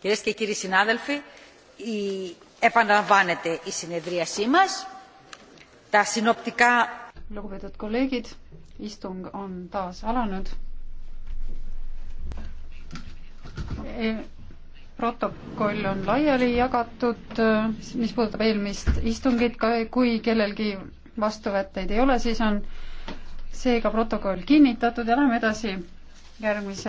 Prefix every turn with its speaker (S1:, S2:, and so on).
S1: Κυρίες και κύριοι συνάδελφοι, η... επαναλαμβάνεται η συνεδρίασή μας. Τα συνοπτικά... Lugupeetud kolleegid, istung
S2: on taas alanud. E, protokoll on laiali
S3: jagatud, mis puudutab eelmist istungit, kui kellelgi vastuvätteid ei ole, siis on seega protokoll kinnitatud ja läheme edasi järgmise